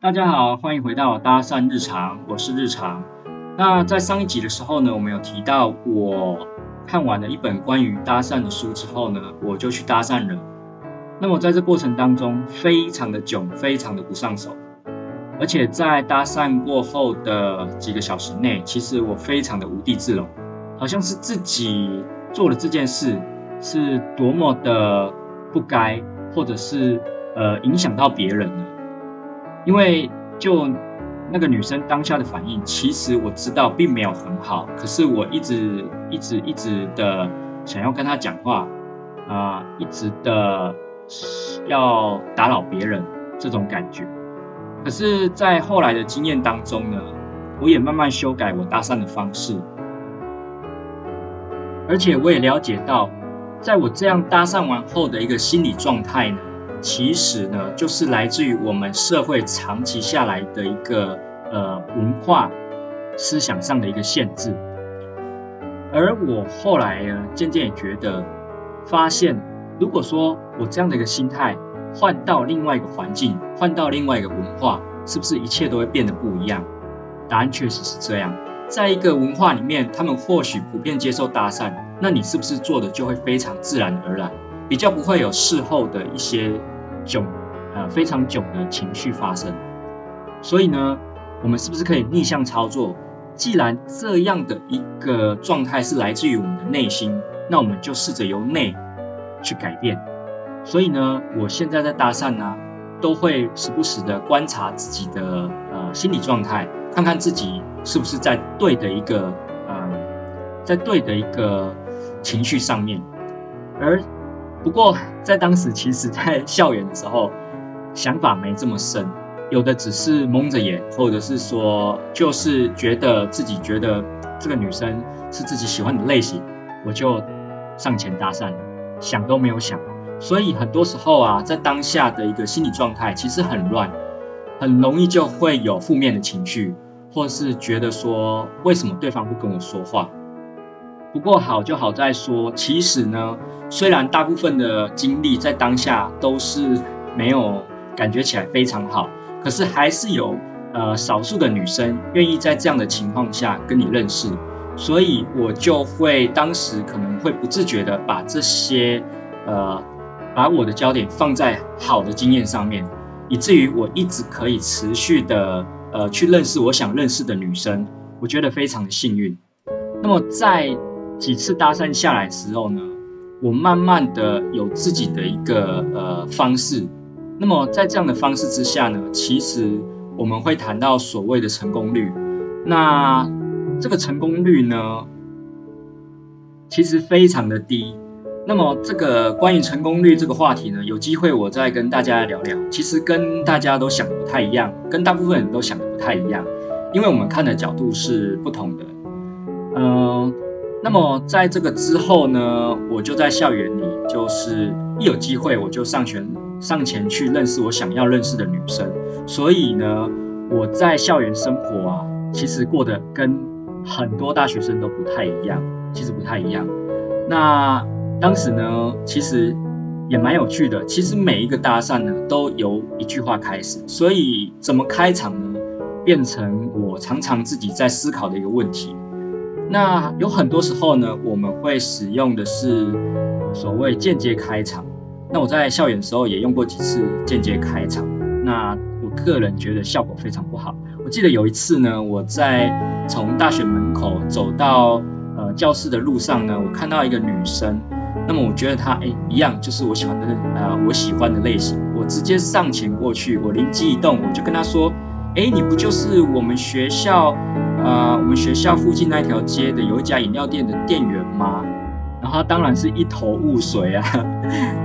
大家好，歡迎回到搭訕日常，我是日常。那在上一集的時候呢，我們有提到我看完了一本關於搭訕的書之後呢，我就去搭訕了。那麼在這過程當中，非常的囧，非常的不上手。而且在搭訕過後的幾個小時內，其實我非常的無地自容，好像是自己做了這件事是多麼的不該，或者是呃影響到別人了。因為就那個女生當下的反應，其實我知道並沒有很好，可是我一直一直一直的想要跟她講話，啊、呃，一直的要打擾別人這種感覺。可是，在後來的經驗當中呢，我也慢慢修改我搭訕的方式。而且我也了解到，在我這樣搭訕完後的一個心理狀態呢，其實呢，就是來自於我們社會長期下來的一個，呃，文化思想上的一個限制。而我後來呢，漸漸也覺得，發現，如果說我這樣的一個心態。換到另外一個環境，換到另外一個文化，是不是一切都會變得不一樣？答案確實是這樣。在一個文化裡面，他們或許普遍接受搭訕，那你是不是做的就會非常自然而然，比較不會有事後的一些囧，呃，非常囧的情緒發生。所以呢，我們是不是可以逆向操作？既然這樣的一個狀態是來自於我們的內心，那我們就試着由內去改變。所以呢，我現在在搭訕呢、啊，都會時不時的觀察自己的呃心理狀態，看看自己是不是在對的一個呃，在對的一個情緒上面。而不過在當時，其實在校園的時候，想法沒這麼深，有的只是蒙着眼，或者是說就是覺得自己覺得這個女生是自己喜歡的類型，我就上前搭訕，想都沒有想。所以很多時候啊，在當下的一個心理狀態其實很亂，很容易就會有負面的情緒，或是覺得說為什麼對方不跟我說話。不過好就好在說，其實呢，雖然大部分的經歷在當下都是沒有感覺起來非常好，可是還是有呃少數的女生願意在這樣的情況下跟你認識，所以我就會當時可能會不自覺的把這些呃。把我的焦點放在好的經驗上面，以至於我一直可以持續的呃去認識我想認識的女生，我覺得非常的幸運。那麼在幾次搭訕下來的時候呢，我慢慢的有自己的一個呃方式。那麼在這樣的方式之下呢，其實我們會談到所謂的成功率。那這個成功率呢，其實非常的低。那麼這個關於成功率這個話題呢，有機會我再跟大家聊聊。其實跟大家都想的不太一樣，跟大部分人都想的不太一樣，因為我們看的角度是不同的。嗯、呃，那麼在這個之後呢，我就在校園裡，就是一有機會我就上前上前去認識我想要認識的女生。所以呢，我在校園生活啊，其實過得跟很多大學生都不太一樣，其實不太一樣。那。當時呢，其實也蠻有趣的。其實每一個搭訕呢，都由一句話開始，所以怎麼開場呢，變成我常常自己在思考的一個問題。那有很多時候呢，我們會使用的是所謂間接開場。那我在校園的時候也用過幾次間接開場。那我個人覺得效果非常不好。我記得有一次呢，我在從大學門口走到呃教室的路上呢，我看到一個女生。那麼我覺得他哎，一樣就是我喜歡的啊，呃，我喜歡的類型。我直接上前過去，我靈機一動，我就跟他說：“哎，你不就是我們學校，呃，我們學校附近那條街的有一家飲料店的店員嗎？”然後他當然是一頭霧水啊。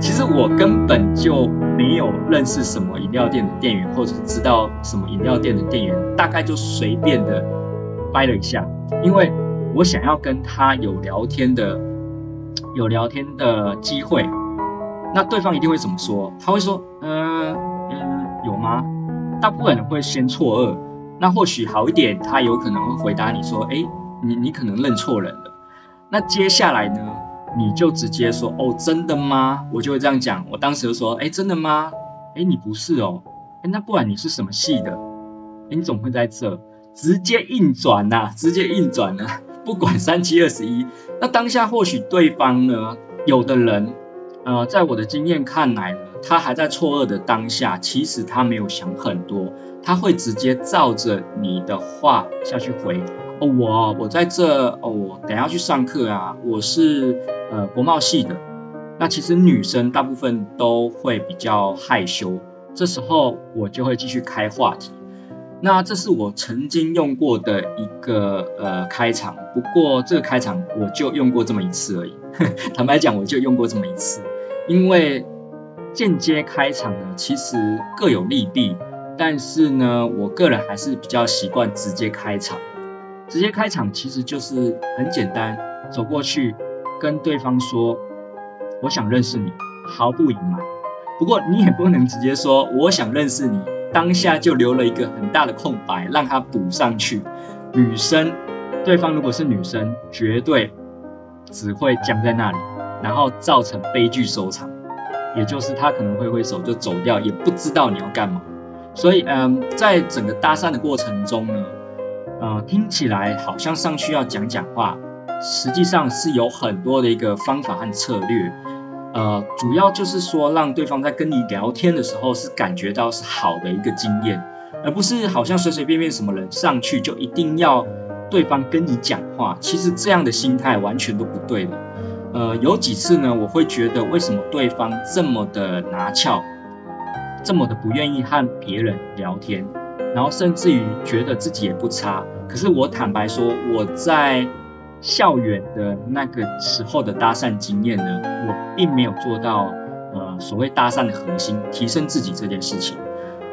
其實我根本就沒有認識什麼飲料店的店員，或者是知道什麼飲料店的店員，大概就隨便的掰了一下，因為我想要跟他有聊天的。有聊天的機會，那對方一定會怎麼說？他會說，呃，嗯，有嗎？大部分人會先錯愕。那或許好一點，他有可能會回答你說，哎，你你可能認錯人了。那接下來呢？你就直接說，哦，真的嗎？我就會這樣講。我當時就說，哎，真的嗎？哎，你不是哦。誒，那不然你是什麼系的？誒，你怎麼會在這？直接硬轉吶、啊，直接硬轉吶、啊。不管三七二十一，那當下或許對方呢，有的人，呃，在我的經驗看來呢，他還在錯愕的當下，其實他沒有想很多，他會直接照着你的話下去回。哦，我我在這，哦，我等下去上課啊，我是呃國貿系的。那其實女生大部分都會比較害羞，這時候我就會繼續開話題。那這是我曾經用過的一個呃開場，不過這個開場我就用過這麼一次而已。呵呵坦白講，我就用過這麼一次，因為間接開場呢，其實各有利弊。但是呢，我個人還是比較習慣直接開場。直接開場其實就是很簡單，走過去跟對方說：“我想認識你”，毫不隱瞞。不過你也不能直接說：“我想認識你”。當下就留了一個很大的空白，讓他補上去。女生，對方如果是女生，絕對只會僵在那裡，然後造成悲劇收場。也就是他可能揮揮手就走掉，也不知道你要幹嘛。所以，嗯、呃，在整個搭訕的過程中呢，呃，聽起來好像上去要講講話，實際上是有很多的一個方法和策略。呃，主要就是說，讓對方在跟你聊天的時候是感覺到是好的一個經驗，而不是好像隨隨便便什麼人上去就一定要對方跟你講話。其實這樣的心態完全都不對了。呃，有幾次呢，我會覺得為什麼對方這麼的拿翹，這麼的不願意和別人聊天，然後甚至於覺得自己也不差。可是我坦白說，我在。校園的那個時候的搭訕經驗呢，我並沒有做到，呃，所謂搭訕的核心，提升自己這件事情，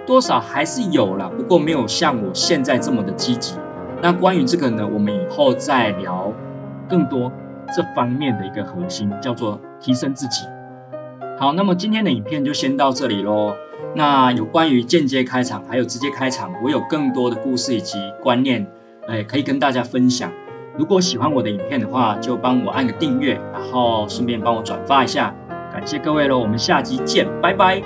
多少還是有啦，不過沒有像我現在這麼的積極。那關於這個呢，我們以後再聊更多這方面的一個核心，叫做提升自己。好，那麼今天的影片就先到這裡嘍。那有關於間接開場還有直接開場，我有更多的故事以及觀念，哎、呃，可以跟大家分享。如果喜歡我的影片的話，就幫我按個訂閱，然後順便幫我轉發一下，感謝各位嘍！我們下集見，拜拜。